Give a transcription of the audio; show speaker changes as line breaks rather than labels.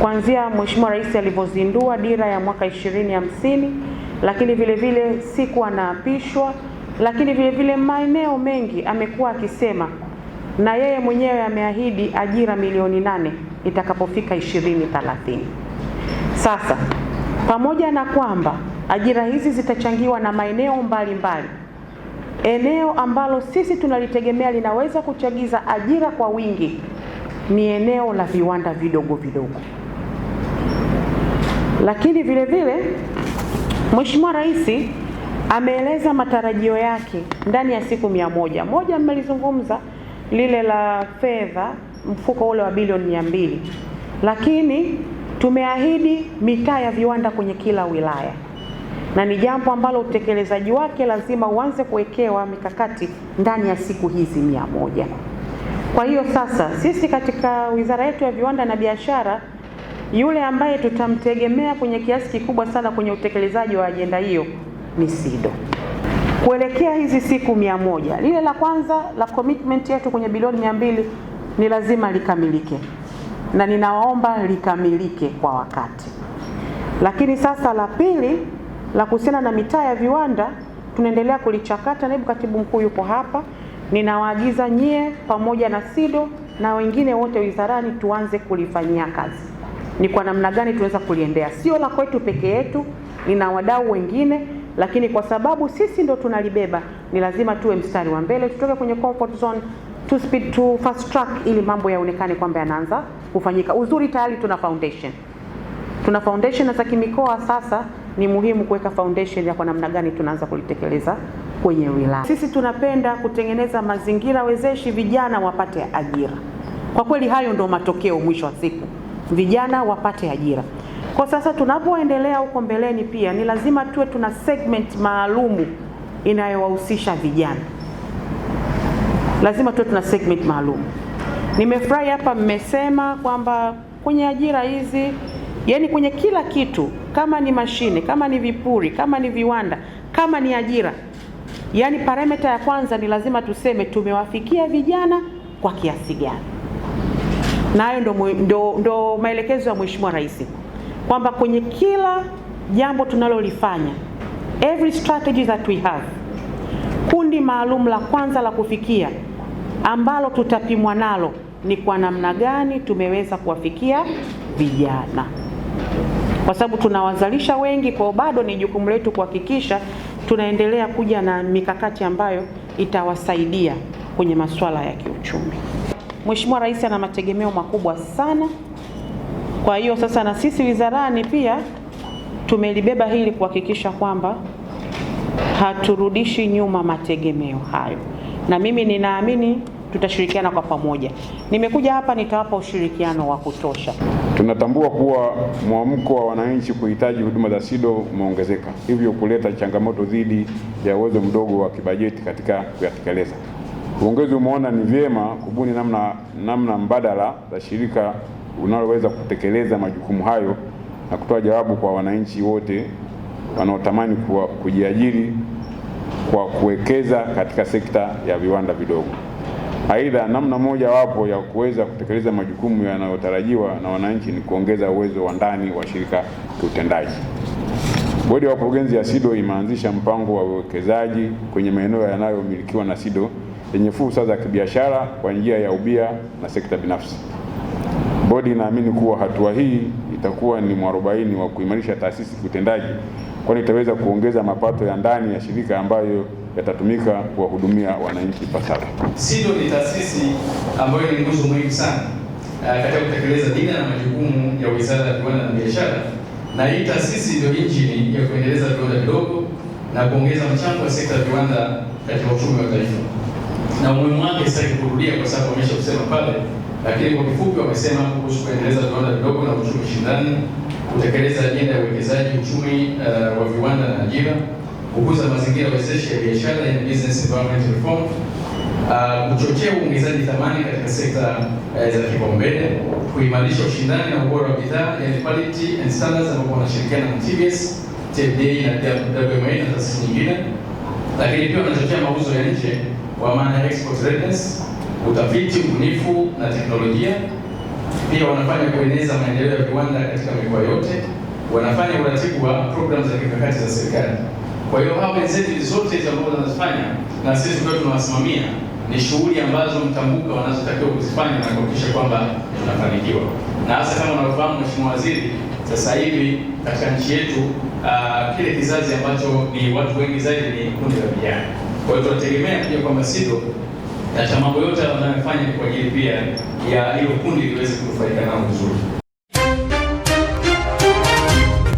kuanzia Mheshimiwa Rais alivyozindua dira ya mwaka 2050 lakini vile vile siku anaapishwa, lakini vile vile maeneo mengi amekuwa akisema na yeye mwenyewe ameahidi ajira milioni nane itakapofika 2030. Sasa pamoja na kwamba ajira hizi zitachangiwa na maeneo mbalimbali, eneo ambalo sisi tunalitegemea linaweza kuchagiza ajira kwa wingi ni eneo la viwanda vidogo vidogo. Lakini vile vile Mheshimiwa Rais ameeleza matarajio yake ndani ya siku mia moja. Moja mmelizungumza lile la fedha, mfuko ule wa bilioni mia mbili, lakini tumeahidi mitaa ya viwanda kwenye kila wilaya, na ni jambo ambalo utekelezaji wake lazima uanze kuwekewa mikakati ndani ya siku hizi mia moja. Kwa hiyo sasa sisi katika wizara yetu ya viwanda na biashara yule ambaye tutamtegemea kwenye kiasi kikubwa sana kwenye utekelezaji wa ajenda hiyo ni SIDO. Kuelekea hizi siku mia moja, lile la kwanza la commitment yetu kwenye bilioni mia mbili ni lazima likamilike, na ninawaomba likamilike kwa wakati. Lakini sasa la pili la kuhusiana na mitaa ya viwanda tunaendelea kulichakata. Naibu katibu mkuu yuko hapa, ninawaagiza nyie pamoja na SIDO na wengine wote wizarani tuanze kulifanyia kazi ni kwa namna gani tunaweza kuliendea, sio la kwetu peke yetu, nina wadau wengine, lakini kwa sababu sisi ndo tunalibeba, ni lazima tuwe mstari wa mbele, tutoke kwenye comfort zone to speed to fast track, ili mambo yaonekane kwamba yanaanza kufanyika. Uzuri tayari tuna foundation, tuna foundation za kimikoa. Sasa ni muhimu kuweka foundation ya kwa namna gani tunaanza kulitekeleza kwenye wilaya. Sisi tunapenda kutengeneza mazingira wezeshi, vijana wapate ajira. Kwa kweli hayo ndo matokeo mwisho wa siku vijana wapate ajira. Kwa sasa tunapoendelea huko mbeleni, pia ni lazima tuwe tuna segment maalumu inayowahusisha vijana, lazima tuwe tuna segment maalumu. Nimefurahi hapa mmesema kwamba kwenye ajira hizi, yani kwenye kila kitu, kama ni mashine, kama ni vipuri, kama ni viwanda, kama ni ajira, yani parameta ya kwanza ni lazima tuseme tumewafikia vijana kwa kiasi gani na hayo ndo, ndo, ndo maelekezo ya Mheshimiwa Rais kwamba kwenye kila jambo tunalolifanya, every strategy that we have, kundi maalum la kwanza la kufikia ambalo tutapimwa nalo ni kwa namna gani tumeweza kuwafikia vijana, kwa sababu tunawazalisha wengi, kwa bado ni jukumu letu kuhakikisha tunaendelea kuja na mikakati ambayo itawasaidia kwenye masuala ya kiuchumi. Mheshimiwa Rais ana mategemeo makubwa sana. Kwa hiyo sasa na sisi wizarani pia tumelibeba hili kuhakikisha kwamba haturudishi nyuma mategemeo hayo, na mimi ninaamini tutashirikiana kwa pamoja. Nimekuja hapa nitawapa ushirikiano wa kutosha.
Tunatambua kuwa mwamko wa wananchi kuhitaji huduma za SIDO umeongezeka, hivyo kuleta changamoto dhidi ya uwezo mdogo wa kibajeti katika kuyatekeleza. Uongozi umeona ni vyema kubuni namna, namna mbadala za shirika unaloweza kutekeleza majukumu hayo na kutoa jawabu kwa wananchi wote wanaotamani kujiajiri kwa kuwekeza katika sekta ya viwanda vidogo. Aidha, namna moja wapo ya kuweza kutekeleza majukumu yanayotarajiwa na wananchi ni kuongeza uwezo wa ndani wa shirika kiutendaji. Bodi ya wakurugenzi ya SIDO imeanzisha mpango wa uwekezaji kwenye maeneo yanayomilikiwa na SIDO yenye fursa za kibiashara kwa njia ya ubia na sekta binafsi. Bodi inaamini kuwa hatua hii itakuwa ni mwarobaini wa kuimarisha taasisi kiutendaji, kwani itaweza kuongeza mapato ya ndani ya shirika ambayo yatatumika kuwahudumia wananchi ipasavyo.
SIDO ni taasisi ambayo ni nguzo muhimu sana eh, katika kutekeleza dira na majukumu ya Wizara ya Viwanda na Biashara, na hii taasisi ndio injini ya kuendeleza viwanda vidogo na kuongeza mchango wa sekta ya viwanda katika uchumi wa taifa na umuhimu wake sitaki kurudia kwa sababu amesha kusema pale, lakini kwa kifupi wamesema kuhusu kuendeleza viwanda vidogo na uchumi shindani, kutekeleza ajenda ya uwekezaji uchumi uh, wa viwanda na ajira, kukuza mazingira wezeshi ya biashara ya business environment reform, uh, kuchochea uongezaji thamani katika sekta uh, za kipaumbele, kuimarisha ushindani na ubora wa bidhaa yani quality and standards, ambapo wanashirikiana na TBS, TFDA na WMA na taasisi nyingine, lakini pia wanachochea mauzo ya nje wa maana export readiness, utafiti, ubunifu na teknolojia. Pia wanafanya kueneza maendeleo ya viwanda katika mikoa yote, wanafanya uratibu wa programu za kimkakati za serikali. Kwa hiyo hawa wenzetu zote hizo ambazo wanazifanya na sisi tukiwa tunawasimamia ni shughuli ambazo mtambuka wanazotakiwa kuzifanya na kuhakikisha kwamba tunafanikiwa. Na hasa kama unavyofahamu Mheshimiwa Waziri, sasa hivi katika nchi yetu uh, kile kizazi ambacho ni watu wengi zaidi ni kundi la vijana. Kwa hiyo tunategemea pia kwamba SIDO na cha mambo yote wanayofanya ni kwa ajili pia ya hiyo kundi liweze kunufaika nao vizuri.